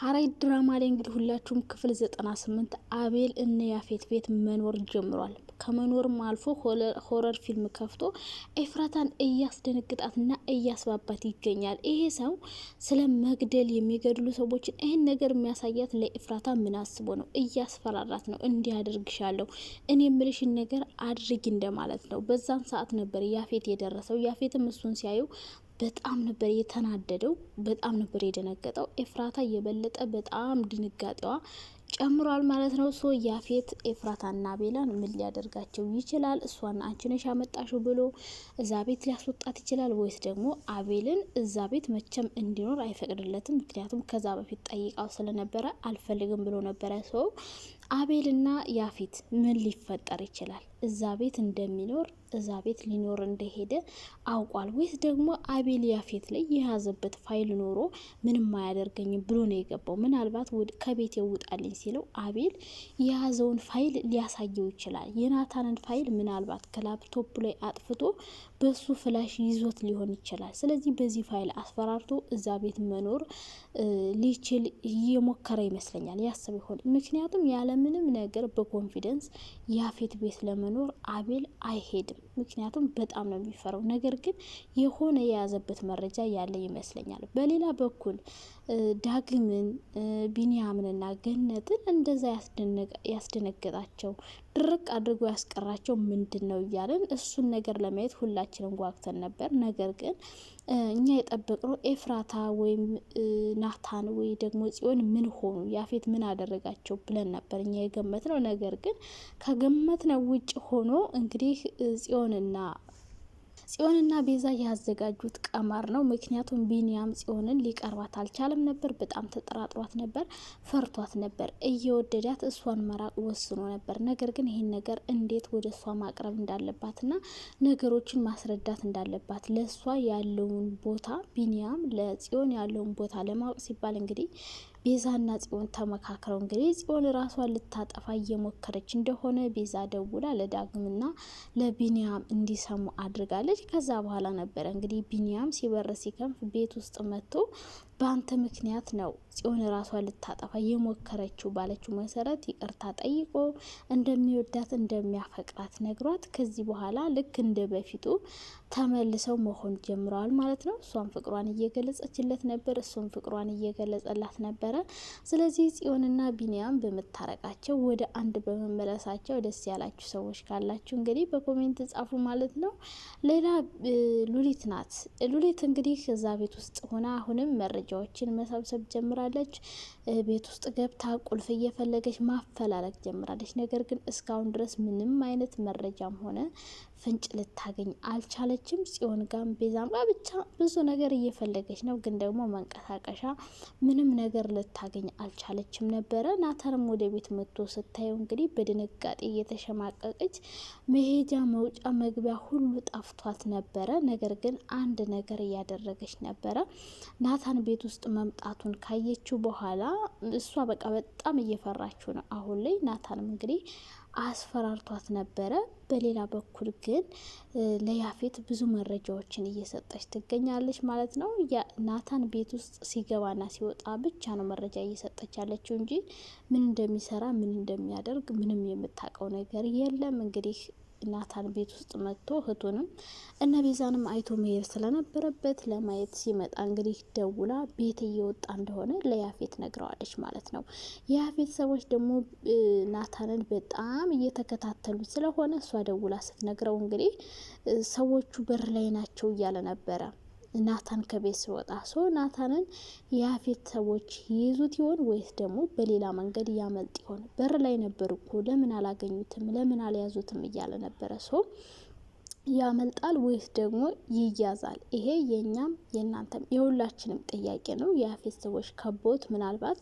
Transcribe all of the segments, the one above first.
ሐረግ ድራማ ላይ እንግዲህ ሁላችሁም ክፍል ዘጠና ስምንት አቤል እነ ያፌት ቤት መኖር ጀምሯል። ከመኖርም አልፎ ሆረር ፊልም ከፍቶ ኤፍራታን እያስደነግጣትና እያስባባት ይገኛል። ይሄ ሰው ስለ መግደል የሚገድሉ ሰዎችን ይህን ነገር የሚያሳያት ለኤፍራታ ምን አስቦ ነው? እያስፈራራት ነው። እንዲያደርግሻለሁ እኔ የምልሽን ነገር አድርጊ እንደማለት ነው። በዛን ሰዓት ነበር ያፌት የደረሰው። ያፌትም እሱን ሲያዩ በጣም ነበር የተናደደው፣ በጣም ነበር የደነገጠው። ኤፍራታ የበለጠ በጣም ድንጋጤዋ ጨምሯል ማለት ነው። ሶ ያፌት እና ቤላን ምን ሊያደርጋቸው ይችላል? እሷን አንቺ ነሽ ያመጣሽው ብሎ እዛ ቤት ሊያስወጣት ይችላል፣ ወይስ ደግሞ አቤልን እዛ ቤት መቼም እንዲኖር አይፈቅድለትም። ምክንያቱም ከዛ በፊት ጠይቃው ስለነበረ አልፈልግም ብሎ ነበረ ሰው አቤልና ያፌት ምን ሊፈጠር ይችላል? እዛ ቤት እንደሚኖር እዛ ቤት ሊኖር እንደሄደ አውቋል ወይስ ደግሞ አቤል ያፌት ላይ የያዘበት ፋይል ኖሮ ምንም አያደርገኝም ብሎ ነው የገባው? ምናልባት ከቤት የውጣልኝ ሲለው አቤል የያዘውን ፋይል ሊያሳየው ይችላል። የናታንን ፋይል ምናልባት ከላፕቶፕ ላይ አጥፍቶ በሱ ፍላሽ ይዞት ሊሆን ይችላል። ስለዚህ በዚህ ፋይል አስፈራርቶ እዛ ቤት መኖር ሊችል እየሞከረ ይመስለኛል፣ ያስብ ይሆን። ምክንያቱም ያለምንም ነገር በኮንፊደንስ ያፌት ቤት ለመኖር አቤል አይሄድም። ምክንያቱም በጣም ነው የሚፈራው። ነገር ግን የሆነ የያዘበት መረጃ ያለ ይመስለኛል። በሌላ በኩል ዳግምን ቢንያምንና ገነትን እንደዛ ያስደነገጣቸው ድርቅ አድርጎ ያስቀራቸው ምንድን ነው እያለን እሱን ነገር ለማየት ሁላችንም ጓግተን ነበር። ነገር ግን እኛ የጠበቅነው ኤፍራታ ወይም ናታን ወይ ደግሞ ጽዮን ምን ሆኑ፣ ያፌት ምን አደረጋቸው ብለን ነበር እኛ የገመት ነው። ነገር ግን ከገመት ነው ውጭ ሆኖ እንግዲህ ጽዮንና ጽዮንና ቤዛ ያዘጋጁት ቀማር ነው። ምክንያቱም ቢንያም ጽዮንን ሊቀርባት አልቻለም ነበር። በጣም ተጠራጥሯት ነበር፣ ፈርቷት ነበር። እየወደዳት እሷን መራቅ ወስኖ ነበር። ነገር ግን ይህን ነገር እንዴት ወደ እሷ ማቅረብ እንዳለባትና ነገሮችን ማስረዳት እንዳለባት ለእሷ ያለውን ቦታ ቢንያም ለጽዮን ያለውን ቦታ ለማወቅ ሲባል እንግዲህ ቤዛና ጽዮን ተመካክረው እንግዲህ ጽዮን ራሷን ልታጠፋ እየሞከረች እንደሆነ ቤዛ ደውላ ለዳግምና ለቢንያም እንዲሰሙ አድርጋለች። ከዛ በኋላ ነበረ እንግዲህ ቢንያም ሲበር ሲከንፍ ቤት ውስጥ መጥቶ በአንተ ምክንያት ነው ጽዮን ራሷን ልታጠፋ የሞከረችው ባለችው መሰረት ይቅርታ ጠይቆ እንደሚወዳት እንደሚያፈቅራት ነግሯት ከዚህ በኋላ ልክ እንደ በፊቱ ተመልሰው መሆን ጀምረዋል ማለት ነው። እሷም ፍቅሯን እየገለጸችለት ነበር፣ እሱም ፍቅሯን እየገለጸላት ነበረ። ነበረ። ስለዚህ ጽዮንና ቢኒያም በመታረቃቸው ወደ አንድ በመመለሳቸው ደስ ያላችሁ ሰዎች ካላችሁ እንግዲህ በኮሜንት ጻፉ ማለት ነው። ሌላ ሉሊት ናት። ሉሊት እንግዲህ እዛ ቤት ውስጥ ሆና አሁንም መረጃዎችን መሰብሰብ ጀምራለች። ቤት ውስጥ ገብታ ቁልፍ እየፈለገች ማፈላለግ ጀምራለች። ነገር ግን እስካሁን ድረስ ምንም አይነት መረጃም ሆነ ፍንጭ ልታገኝ አልቻለችም። ጽዮን ጋም ቤዛም ጋር ብቻ ብዙ ነገር እየፈለገች ነው፣ ግን ደግሞ መንቀሳቀሻ ምንም ነገር ልታገኝ አልቻለችም ነበረ። ናታንም ወደ ቤት መጥቶ ስታየው እንግዲህ በድንጋጤ እየተሸማቀቀች መሄጃ መውጫ መግቢያ ሁሉ ጠፍቷት ነበረ። ነገር ግን አንድ ነገር እያደረገች ነበረ። ናታን ቤት ውስጥ መምጣቱን ካየችው በኋላ እሷ በቃ በጣም እየፈራችው ነው አሁን ላይ ናታንም እንግዲህ አስፈራርቷት ነበረ። በሌላ በኩል ግን ለያፌት ብዙ መረጃዎችን እየሰጠች ትገኛለች ማለት ነው። ናታን ቤት ውስጥ ሲገባና ሲወጣ ብቻ ነው መረጃ እየሰጠች ያለችው እንጂ ምን እንደሚሰራ ምን እንደሚያደርግ ምንም የምታውቀው ነገር የለም እንግዲህ ናታን ቤት ውስጥ መጥቶ እህቱንም እነ ቤዛንም አይቶ መሄድ ስለነበረበት ለማየት ሲመጣ እንግዲህ ደውላ ቤት እየወጣ እንደሆነ ለያፌት ነግረዋለች ማለት ነው። የያፌት ሰዎች ደግሞ ናታንን በጣም እየተከታተሉ ስለሆነ እሷ ደውላ ስትነግረው እንግዲህ ሰዎቹ በር ላይ ናቸው እያለ ነበረ ናታን ከቤት ሲወጣ ሶ ናታንን የአፌት ሰዎች ይይዙት ይሆን ወይስ ደግሞ በሌላ መንገድ ያመልጥ ይሆን? በር ላይ ነበር እኮ ለምን አላገኙትም ለምን አልያዙትም እያለ ነበረ ሶ ያመልጣል ወይስ ደግሞ ይያዛል? ይሄ የእኛም የእናንተም የሁላችንም ጥያቄ ነው። የአፌት ሰዎች ከቦት ምናልባት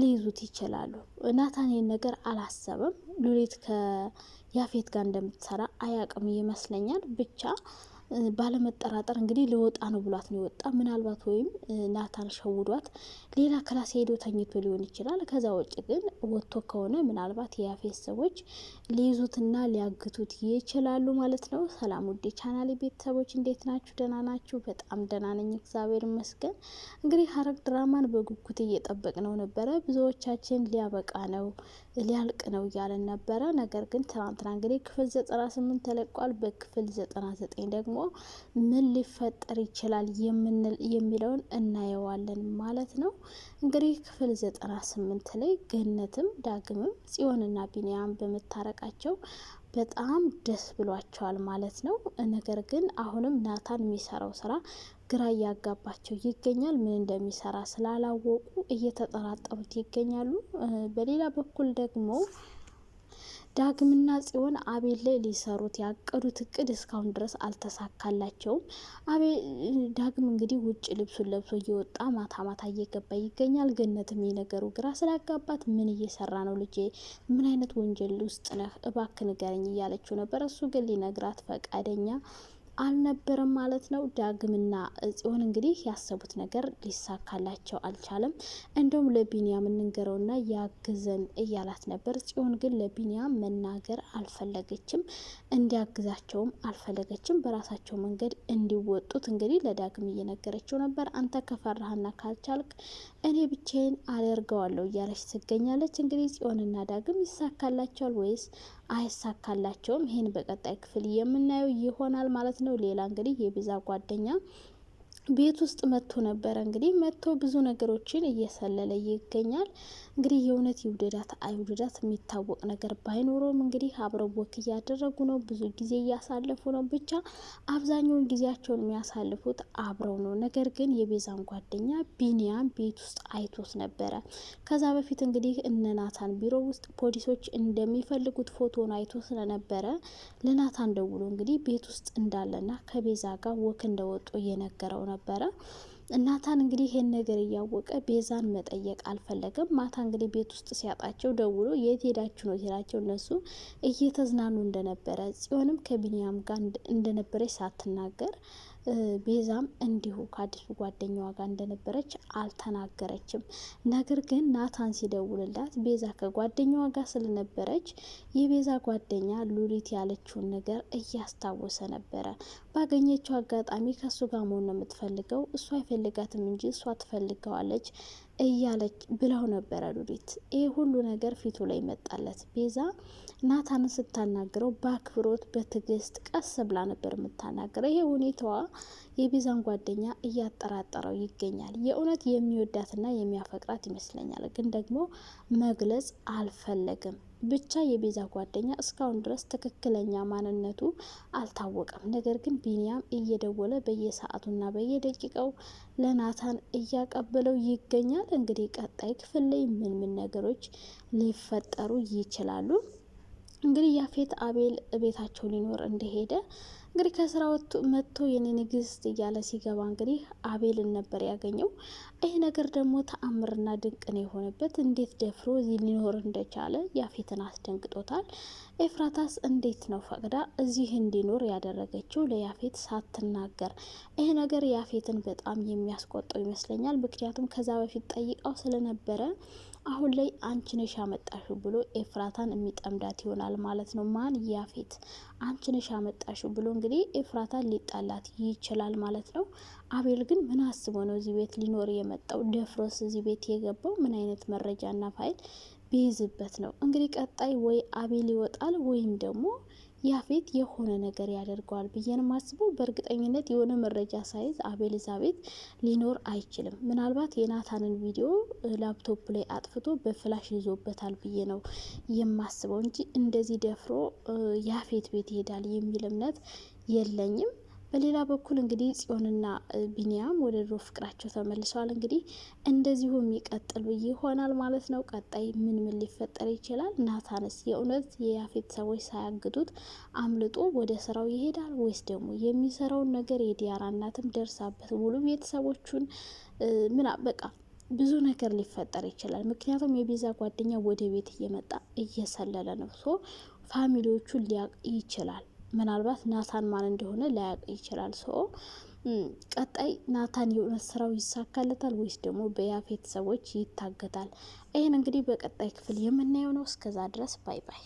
ሊይዙት ይችላሉ። ናታን ይህን ነገር አላሰበም። ሉሊት ከያፌት ጋር እንደምትሰራ አያቅም ይመስለኛል ብቻ ባለመጠራጠር እንግዲህ ልወጣ ነው ብሏት ነው የወጣ። ምናልባት ወይም ናታን ሸውዷት ሌላ ክላስ ሄዶ ተኝቶ ሊሆን ይችላል። ከዛ ውጭ ግን ወጥቶ ከሆነ ምናልባት የያፌት ሰዎች ሊይዙትና ሊያግቱት ይችላሉ ማለት ነው። ሰላም ውዴ ቻናል ቤተሰቦች እንዴት ናችሁ? ደህና ናችሁ? በጣም ደህና ነኝ እግዚአብሔር ይመስገን። እንግዲህ ሐረግ ድራማን በጉጉት እየጠበቅ ነው ነበረ። ብዙዎቻችን ሊያበቃ ነው ሊያልቅ ነው እያለን ነበረ። ነገር ግን ትናንትና እንግዲህ ክፍል ዘጠና ስምንት ተለቋል። በክፍል ዘጠና ዘጠኝ ደግሞ ደግሞ ምን ሊፈጠር ይችላል የሚለውን እናየዋለን ማለት ነው። እንግዲህ ክፍል ዘጠና ስምንት ላይ ገነትም ዳግምም ጽዮንና ቢንያም በመታረቃቸው በጣም ደስ ብሏቸዋል ማለት ነው። ነገር ግን አሁንም ናታን የሚሰራው ስራ ግራ እያጋባቸው ይገኛል። ምን እንደሚሰራ ስላላወቁ እየተጠራጠሩት ይገኛሉ። በሌላ በኩል ደግሞ ዳግምና ጽዮን አቤል ላይ ሊሰሩት ያቀዱት እቅድ እስካሁን ድረስ አልተሳካላቸውም። አቤ ዳግም እንግዲህ ውጭ ልብሱን ለብሶ እየወጣ ማታ ማታ እየገባ ይገኛል። ገነትም የነገሩ ግራ ስላጋባት ምን እየሰራ ነው ልጄ፣ ምን አይነት ወንጀል ውስጥ ነህ? እባክ ንገረኝ እያለችው ነበር። እሱ ግን ሊነግራት ፈቃደኛ አልነበረም ማለት ነው። ዳግምና ጽዮን እንግዲህ ያሰቡት ነገር ሊሳካላቸው አልቻለም። እንደውም ለቢንያም እንንገረውና ያግዘን እያላት ነበር። ጽዮን ግን ለቢንያም መናገር አልፈለገችም፣ እንዲያግዛቸውም አልፈለገችም። በራሳቸው መንገድ እንዲወጡት እንግዲህ ለዳግም እየነገረችው ነበር። አንተ ከፈራህና ካልቻልክ እኔ ብቻዬን አደርገዋለሁ እያለች ትገኛለች። እንግዲህ ጽዮንና ዳግም ይሳካላቸዋል ወይስ አይሳካላቸውም። ይህን በቀጣይ ክፍል የምናየው ይሆናል ማለት ነው። ሌላ እንግዲህ የቤዛ ጓደኛ ቤት ውስጥ መጥቶ ነበረ። እንግዲህ መጥቶ ብዙ ነገሮችን እየሰለለ ይገኛል። እንግዲህ የእውነት ይውደዳት አይውደዳት የሚታወቅ ነገር ባይኖረውም እንግዲህ አብረው ወክ እያደረጉ ነው፣ ብዙ ጊዜ እያሳለፉ ነው። ብቻ አብዛኛውን ጊዜያቸውን የሚያሳልፉት አብረው ነው። ነገር ግን የቤዛን ጓደኛ ቢኒያም ቤት ውስጥ አይቶት ነበረ። ከዛ በፊት እንግዲህ እነናታን ቢሮ ውስጥ ፖሊሶች እንደሚፈልጉት ፎቶን አይቶ ስለነበረ ለናታን ደውሎ እንግዲህ ቤት ውስጥ እንዳለና ከቤዛ ጋር ወክ እንደወጡ እየነገረው ነበር ነበረ። እናታን እንግዲህ ይሄን ነገር እያወቀ ቤዛን መጠየቅ አልፈለገም። ማታ እንግዲህ ቤት ውስጥ ሲያጣቸው ደውሎ የት ሄዳችሁ ነው ሲላቸው እነሱ እየተዝናኑ እንደነበረ ጽዮንም ከቢንያም ጋር እንደነበረች ሳትናገር ቤዛም እንዲሁ ከአዲሱ ጓደኛዋ ጋር እንደነበረች አልተናገረችም። ነገር ግን ናታን ሲደውልላት ቤዛ ከጓደኛዋ ጋር ስለነበረች የቤዛ ጓደኛ ሉሊት ያለችውን ነገር እያስታወሰ ነበረ። ባገኘችው አጋጣሚ ከእሱ ጋር መሆን ነው የምትፈልገው። እሱ አይፈልጋትም እንጂ እሷ ትፈልገዋለች። እያለች ብለው ነበረ ሉሊት። ይህ ሁሉ ነገር ፊቱ ላይ መጣለት። ቤዛ ናታን ስታናግረው በአክብሮት በትዕግስት ቀስ ብላ ነበር የምታናግረው። ይሄ ሁኔታዋ የቤዛን ጓደኛ እያጠራጠረው ይገኛል። የእውነት የሚወዳትና የሚያፈቅራት ይመስለኛል፣ ግን ደግሞ መግለጽ አልፈለግም። ብቻ የቤዛ ጓደኛ እስካሁን ድረስ ትክክለኛ ማንነቱ አልታወቀም። ነገር ግን ቢኒያም እየደወለ በየሰዓቱና በየደቂቃው ለናታን እያቀበለው ይገኛል። እንግዲህ ቀጣይ ክፍል ላይ ምን ምን ነገሮች ሊፈጠሩ ይችላሉ? እንግዲህ ያፌት አቤል ቤታቸው ሊኖር እንደሄደ እንግዲህ ከስራ መጥቶ የኔ ንግስት እያለ ሲገባ እንግዲህ አቤልን ነበር ያገኘው። ይህ ነገር ደግሞ ተአምርና ድንቅ ነው የሆነበት። እንዴት ደፍሮ እዚህ ሊኖር እንደቻለ ያፌትን አስደንግጦታል። ኤፍራታስ እንዴት ነው ፈቅዳ እዚህ እንዲኖር ያደረገችው ለያፌት ሳትናገር? ይህ ነገር ያፌትን በጣም የሚያስቆጠው ይመስለኛል። ምክንያቱም ከዛ በፊት ጠይቃው ስለነበረ አሁን ላይ አንቺ ነሽ ያመጣሽው ብሎ ኤፍራታን የሚጠምዳት ይሆናል ማለት ነው። ማን ያፌት አንቺ ነሽ ያመጣሽው ብሎ እንግዲህ ኤፍራታን ሊጣላት ይችላል ማለት ነው። አቤል ግን ምን አስቦ ነው እዚህ ቤት ሊኖር የመጣው? ደፍሮስ እዚህ ቤት የገባው ምን አይነት መረጃና ፋይል ቢይዝበት ነው? እንግዲህ ቀጣይ ወይ አቤል ይወጣል ወይም ደግሞ ያፌት የሆነ ነገር ያደርገዋል ብዬን ማስበው በእርግጠኝነት የሆነ መረጃ ሳይዝ አቤልዛቤት ሊኖር አይችልም። ምናልባት የናታንን ቪዲዮ ላፕቶፕ ላይ አጥፍቶ በፍላሽ ይዞበታል ብዬ ነው የማስበው እንጂ እንደዚህ ደፍሮ ያፌት ቤት ይሄዳል የሚል እምነት የለኝም። በሌላ በኩል እንግዲህ ጽዮንና ቢኒያም ወደ ድሮ ፍቅራቸው ተመልሰዋል። እንግዲህ እንደዚሁ የሚቀጥሉ ይሆናል ማለት ነው። ቀጣይ ምን ምን ሊፈጠር ይችላል? ናታንስ የእውነት የያፌት ሰዎች ሳያግዱት አምልጦ ወደ ስራው ይሄዳል ወይስ ደግሞ የሚሰራውን ነገር የዲያራ እናትም ደርሳበት ሙሉ ቤተሰቦቹን ምን በቃ ብዙ ነገር ሊፈጠር ይችላል። ምክንያቱም የቤዛ ጓደኛ ወደ ቤት እየመጣ እየሰለለ ነው። ሶ ፋሚሊዎቹን ሊያቅ ይችላል። ምናልባት ናታን ማን እንደሆነ ላያውቅ ይችላል። ሰው ቀጣይ ናታን የእውነት ስራው ይሳካለታል ወይስ ደግሞ በያፌት ሰዎች ይታገታል? ይህን እንግዲህ በቀጣይ ክፍል የምናየው ነው። እስከዛ ድረስ ባይ ባይ።